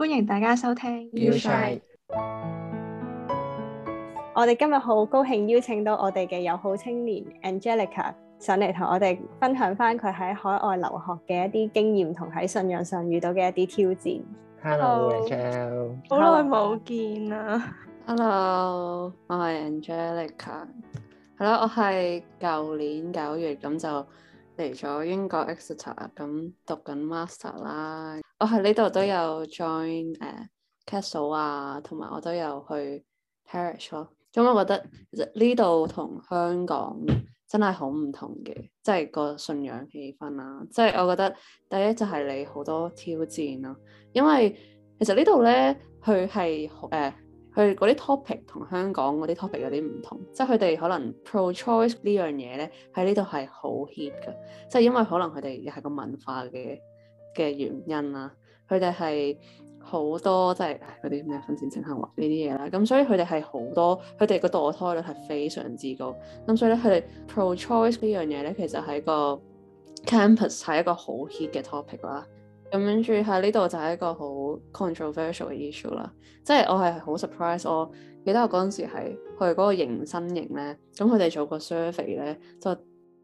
歡迎大家收聽。唔該。我哋今日好高興邀請到我哋嘅友好青年 Angelica 上嚟同我哋分享翻佢喺海外留學嘅一啲經驗同喺信仰上遇到嘅一啲挑戰。Hello，好耐冇見啦。Hello，我係 Angelica。係咯，我係舊年九月咁就嚟咗英國 Exeter 咁讀緊 master 啦。我喺呢度都有 join 誒 castle 啊，同埋我都有去 parish 咯。咁我覺得其實呢度同香港真係好唔同嘅，即係個信仰氣氛啊。即係我覺得第一就係你好多挑戰咯，因為其實呢度咧，佢係誒佢嗰啲 topic 同香港嗰啲 topic 有啲唔同。即係佢哋可能 pro choice 呢樣嘢咧，喺呢度係好 hit 㗎。即係因為可能佢哋又係個文化嘅嘅原因啦，佢哋係好多即係嗰啲咩婚前性行為呢啲嘢啦，咁、就是、所以佢哋係好多，佢哋個墮胎率係非常之高，咁所以咧佢哋 pro choice 呢樣嘢咧，其實係一個 campus 係一個好 hit 嘅 topic 啦，咁跟住喺呢度就係一個好 controversial 嘅 issue 啦，即、就、係、是、我係好 surprise，我記得我嗰陣時係去嗰個迎新營咧，咁佢哋做個 survey 咧都，就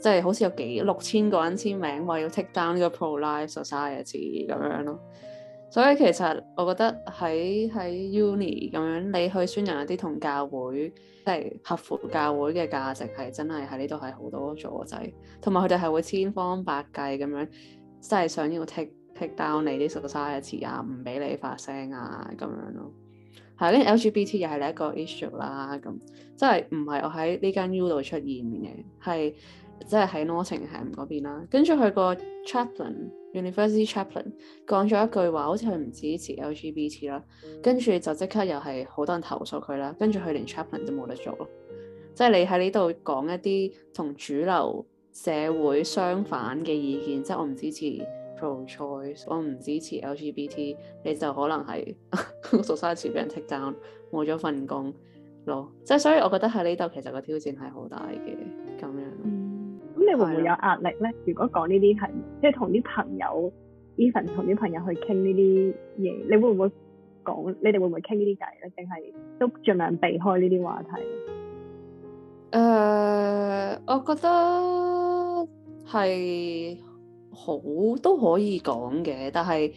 即係好似有幾六千個人簽名話要 take down 呢個 pro-life society 咁樣咯，所以其實我覺得喺喺 uni 咁樣你去宣揚一啲同教會即係合乎教會嘅價值係真係喺呢度係好多阻滯，同埋佢哋係會千方百計咁樣真係想要 take take down 你啲 society 啊，唔俾你發聲啊咁樣咯。係 LGBT 又係另一個 issue 啦，咁即係唔係我喺呢間 U 度出現嘅，係。即係喺 Northern 係嗰邊啦，跟住佢個 chaplain、university chaplain 講咗一句話，好似佢唔支持 LGBT 啦，跟住就即刻又係好多人投訴佢啦，跟住佢連 chaplain 都冇得做咯。即係你喺呢度講一啲同主流社會相反嘅意見，即係我唔支持 pro-choice，我唔支持 LGBT，你就可能係 做三次俾人 take down，冇咗份工咯。即係所以，我覺得喺呢度其實個挑戰係好大嘅咁樣。即係會唔會有壓力咧？如果講呢啲題，即係同啲朋友，even 同啲朋友去傾呢啲嘢，你會唔會講？你哋會唔會傾呢啲偈咧？定係都盡量避開呢啲話題？誒、呃，我覺得係好都可以講嘅，但係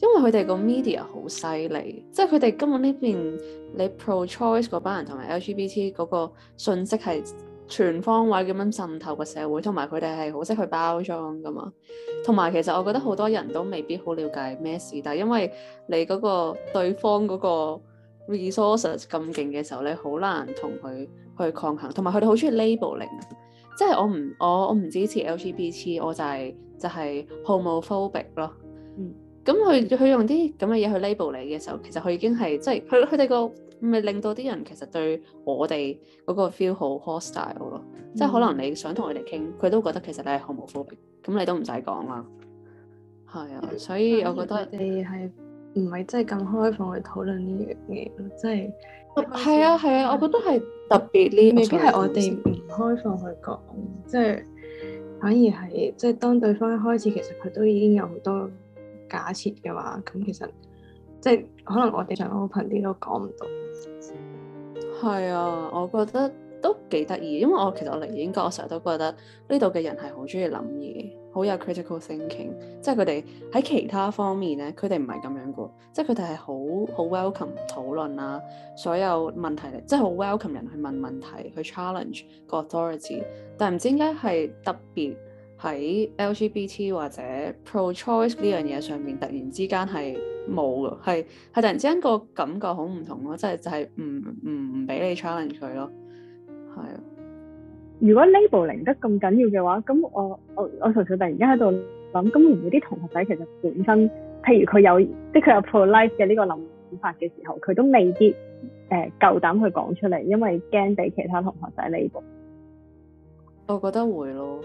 因為佢哋個 media 好犀利，即係佢哋根本呢邊，你 pro choice 嗰班人同埋 LGBT 嗰個信息係。全方位咁樣滲透個社會，同埋佢哋係好識去包裝噶嘛。同埋其實我覺得好多人都未必好了解咩事，但係因為你嗰個對方嗰個 resources 咁勁嘅時候，你好難同佢去抗衡。同埋佢哋好中意 labeling，即係我唔我我唔支持 LGBT，我就係就係 homophobic 咯。嗯，咁佢佢用啲咁嘅嘢去 label 你嘅時候，其實佢已經係即係佢佢哋個。就是咪令到啲人其實對我哋嗰個 feel 好 hostile 咯、嗯，即係可能你想同佢哋傾，佢都覺得其實你係毫無分別，咁你都唔使講啦。係啊，所以我覺得我哋係唔係真係咁開放去討論呢樣嘢？即係係啊係啊，我覺得係特別呢，未必係我哋唔開放去講，即係反而係即係當對方一開始其實佢都已經有好多假設嘅話，咁其實。即係可能我哋就 open 啲都講唔到。係啊，我覺得都幾得意，因為我其實我嚟英國，我成日都覺得呢度嘅人係好中意諗嘢，好有 critical thinking，即係佢哋喺其他方面咧，佢哋唔係咁樣噶，即係佢哋係好好 welcome 討論啊，所有問題，即係好 welcome 人去問問題，去 challenge 個 authority，但係唔知點解係特別。喺 LGBT 或者 pro choice 呢樣嘢上面，突然之間係冇嘅，係係突然之間個感覺好唔同咯，即係就係唔唔俾你 challenge 佢咯。係啊，如果 labeling 得咁緊要嘅話，咁我我我純粹突然間喺度諗，咁唔會啲同學仔其實本身，譬如佢有即係佢有 pro life 嘅呢個諗法嘅時候，佢都未必誒夠膽去講出嚟，因為驚俾其他同學仔 label。我覺得會咯。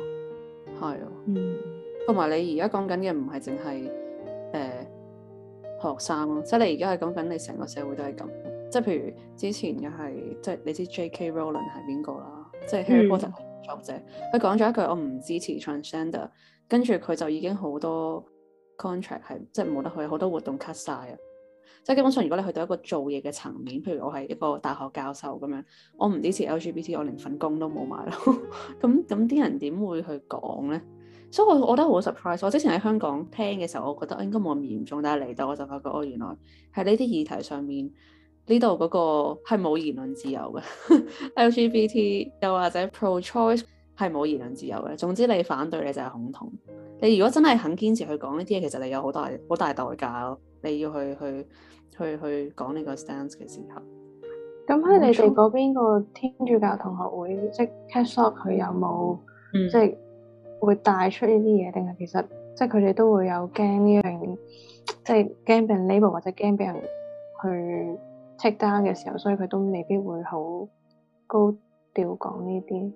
係咯，嗯，同埋你而家講緊嘅唔係淨係誒學生咯，即係你而家係講緊你成個社會都係咁，即係譬如之前又係，即係你知 J.K. Rowling 係邊個啦，即係 Harry Potter 作者，佢講咗一句我唔支持 transgender，跟住佢就已經好多 contract 係即係冇得去，好多活動 cut 晒。啊。即係基本上，如果你去到一個做嘢嘅層面，譬如我係一個大學教授咁樣，我唔支持 LGBT，我連份工都冇埋咯。咁咁啲人點會去講咧？所、so, 以我我覺得好 surprise。我之前喺香港聽嘅時候，我覺得我應該冇咁嚴重，但係嚟到我就發覺，哦，原來喺呢啲議題上面，呢度嗰個係冇言論自由嘅。 LGBT 又或者 pro choice 係冇言論自由嘅。總之你反對你就係恐同。你如果真係肯堅持去講呢啲嘢，其實你有好大好大代價咯。你要去去去去，去講呢個 stance 嘅時候，咁喺你哋嗰邊個天主教同學會、嗯、即係 cast up 佢有冇即係會帶出呢啲嘢，定係其實即係佢哋都會有驚呢樣，即係驚畀人 label 或者驚被人去 check down 嘅時候，所以佢都未必會好高調講呢啲。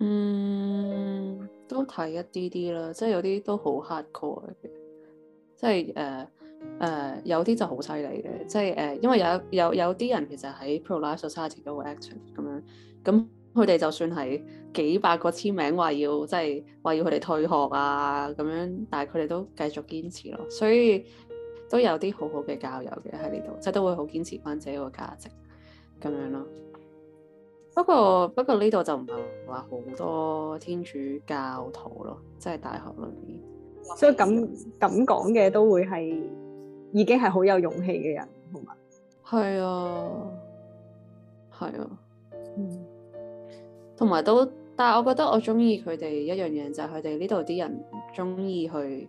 嗯，都睇一啲啲啦，即係有啲都好 hardcore 嘅，即係誒。Uh, 誒、uh, 有啲就好犀利嘅，即係誒，uh, 因為有有有啲人其實喺 pro life society 都會 action 咁樣，咁佢哋就算係幾百個簽名話要，即係話要佢哋退學啊咁樣，但係佢哋都繼續堅持咯。所以都有啲好好嘅教友嘅喺呢度，即係都會好堅持翻自己個價值咁樣咯。不過不過呢度就唔係話好多天主教徒咯，即係大學裏邊，所以咁咁講嘅都會係。已經係好有勇氣嘅人，同埋係啊，係啊，嗯，同埋都，但係我覺得我中意佢哋一樣嘢，就係佢哋呢度啲人中意去誒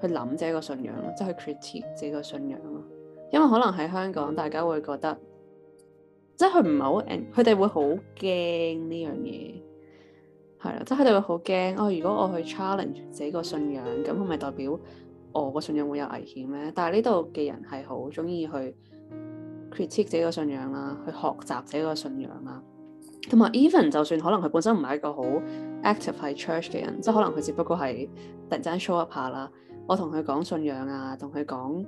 去諗自己個信仰咯，即係去 critique 自己個信仰咯。因為可能喺香港，大家會覺得即係佢唔係好，佢哋會好驚呢樣嘢，係啦，即係佢哋會好驚哦。如果我去 challenge 自己個信仰，咁係咪代表？我、哦個信仰會有危險咧，但係呢度嘅人係好中意去 critique 自己個信仰啦、啊，去學習自己個信仰啦、啊，同埋 even 就算可能佢本身唔係一個好 active 喺、like、church 嘅人，即係可能佢只不過係突然間 show up 下啦，我同佢講信仰啊，同佢講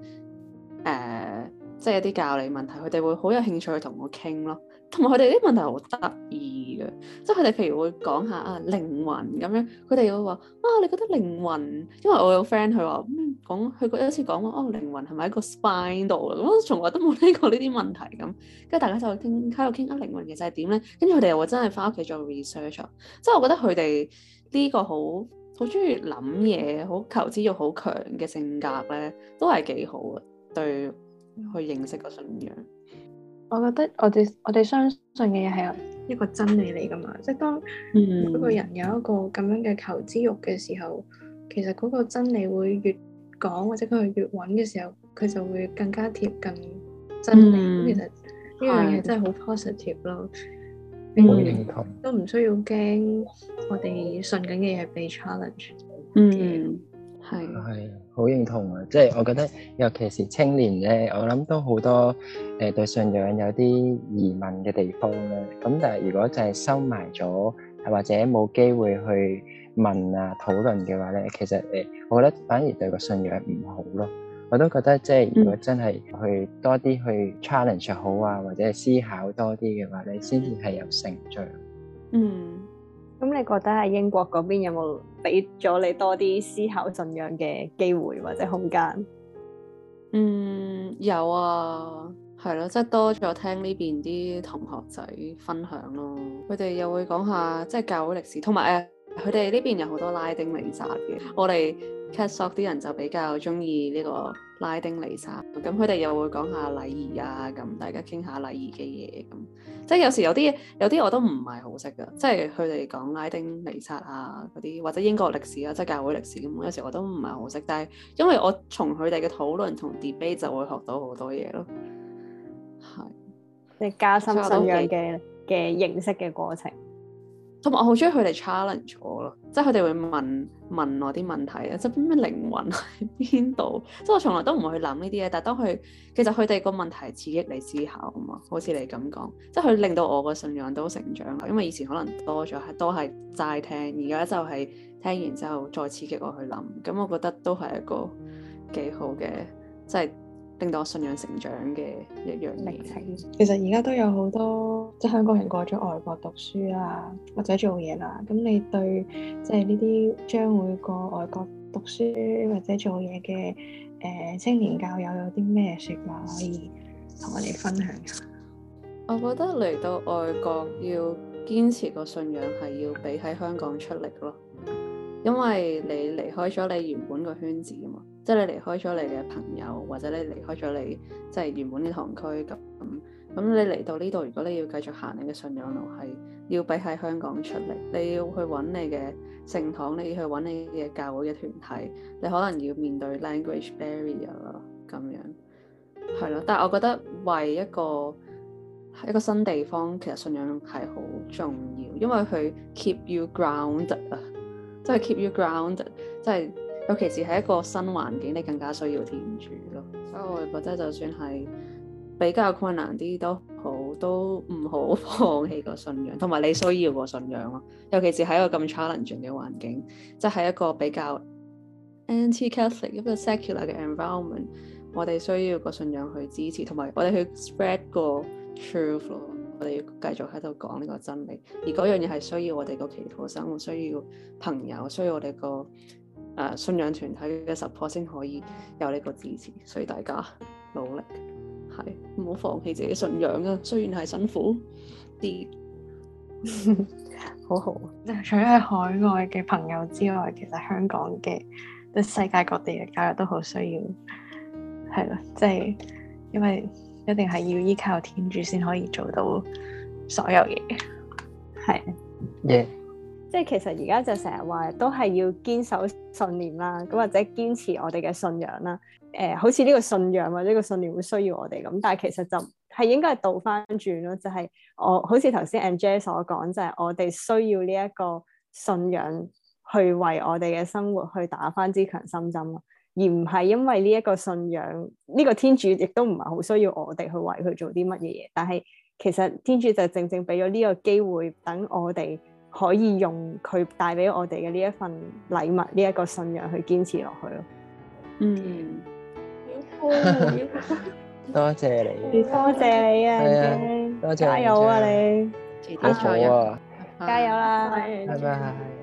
誒即係一啲教理問題，佢哋會好有興趣去同我傾咯。同埋佢哋啲問題好得意嘅，即係佢哋譬如會講下啊靈魂咁樣，佢哋會話啊你覺得靈魂，因為我有 friend 佢話講佢有一次講話哦，靈魂係咪喺個 spine 度啊？我從來都冇聽過呢啲問題咁，跟住大家就傾喺度傾啊靈魂其實係點咧，跟住佢哋又會真係翻屋企做 research，即係我覺得佢哋呢個好好中意諗嘢，好求知慾好強嘅性格咧，都係幾好啊，對去認識個信仰。我覺得我哋我哋相信嘅嘢係一個真理嚟㗎嘛，即係當嗰個人有一個咁樣嘅求知欲嘅時候，其實嗰個真理會越講或者佢越搵嘅時候，佢就會更加貼近真理。嗯、其實呢樣嘢真係好 positive 咯，都唔、嗯嗯、需要驚我哋信緊嘅嘢係被 challenge。嗯。以係，係好認同啊！即係我覺得，尤其是青年咧，我諗都好多誒、呃、對信仰有啲疑問嘅地方啦。咁但係如果就係收埋咗，或者冇機會去問啊討論嘅話咧，其實誒、呃，我覺得反而對個信仰唔好咯。我都覺得即係如果真係去多啲去 challenge 好啊，或者係思考多啲嘅話咧，先至係有成長。嗯。咁你覺得喺英國嗰邊有冇俾咗你多啲思考信仰嘅機會或者空間？嗯，有啊，係咯，即係多咗聽呢邊啲同學仔分享咯，佢哋又會講下即係教會歷史，同埋誒。佢哋呢邊有好多拉丁彌撒嘅，我哋 CathSoc 啲人就比較中意呢個拉丁彌撒，咁佢哋又會講下禮儀啊，咁大家傾下禮儀嘅嘢，咁即係有時有啲有啲我都唔係好識噶，即係佢哋講拉丁彌撒啊嗰啲，或者英國歷史啊，即係教會歷史咁，有時我都唔係好識，但係因為我從佢哋嘅討論同 debate 就會學到好多嘢咯，係即係加深信仰嘅嘅認識嘅過程。同埋我好中意佢哋 challenge 我咯，即係佢哋會問問我啲問題啊，即係咩靈魂喺邊度？即係我從來都唔會去諗呢啲嘢，但係當佢其實佢哋個問題刺激你思考啊嘛，好似你咁講，即係佢令到我個信仰都成長啦。因為以前可能多咗係都係齋聽，而家就係聽完之後再刺激我去諗。咁我覺得都係一個幾好嘅，即係令到我信仰成長嘅一樣歷程。其實而家都有好多。即係香港人過咗外國讀書啊，或者做嘢啦，咁你對即係呢啲將會過外國讀書或者做嘢嘅誒，青年教友有啲咩説話可以同我哋分享下？我覺得嚟到外國要堅持個信仰係要比喺香港出力咯，因為你離開咗你原本個圈子嘛，即係你離開咗你嘅朋友，或者你離開咗你即係原本啲堂區咁。嗯咁你嚟到呢度，如果你要繼續行你嘅信仰路，係要俾喺香港出嚟。你要去揾你嘅聖堂，你要去揾你嘅教會嘅團體，你可能要面對 language barrier 咯，咁樣係咯。但係我覺得為一個一個新地方，其實信仰路係好重要，因為佢 keep you grounded 啊，即係 keep you grounded，即係尤其是喺一個新環境，你更加需要天主咯。所以我覺得就算係。比較困難啲都好，都唔好放棄個信仰，同埋你需要個信仰咯。尤其是喺一個咁 challenge 嘅環境，即係一個比較 anti-catholic 一個 secular 嘅 environment，我哋需要個信仰去支持，同埋我哋去 spread 個 truth 咯。我哋要繼續喺度講呢個真理，而嗰樣嘢係需要我哋個祈禱生活，需要朋友，需要我哋個誒信仰團體嘅 support 先可以有呢個支持。所以大家努力係。唔好放棄自己信仰啊！雖然係辛苦啲，好 好。除咗喺海外嘅朋友之外，其實香港嘅、世界各地嘅教育都好需要。係咯，即係因為一定係要依靠天主先可以做到所有嘢。係。嘢。Yeah. 即係其實而家就成日話都係要堅守信念啦，咁或者堅持我哋嘅信仰啦。誒、呃，好似呢個信仰或者呢個信念會需要我哋咁，但係其實就係應該係倒翻轉咯，就係、是、我好似頭先 Angie 所講，就係、是、我哋需要呢一個信仰去為我哋嘅生活去打翻支強心針咯，而唔係因為呢一個信仰呢、這個天主亦都唔係好需要我哋去為佢做啲乜嘢嘢。但係其實天主就正正俾咗呢個機會等我哋。可以用佢帶俾我哋嘅呢一份禮物，呢一個信仰去堅持落去咯。嗯，多謝你，多謝你啊，加油啊你，好啊，加油啦，拜拜！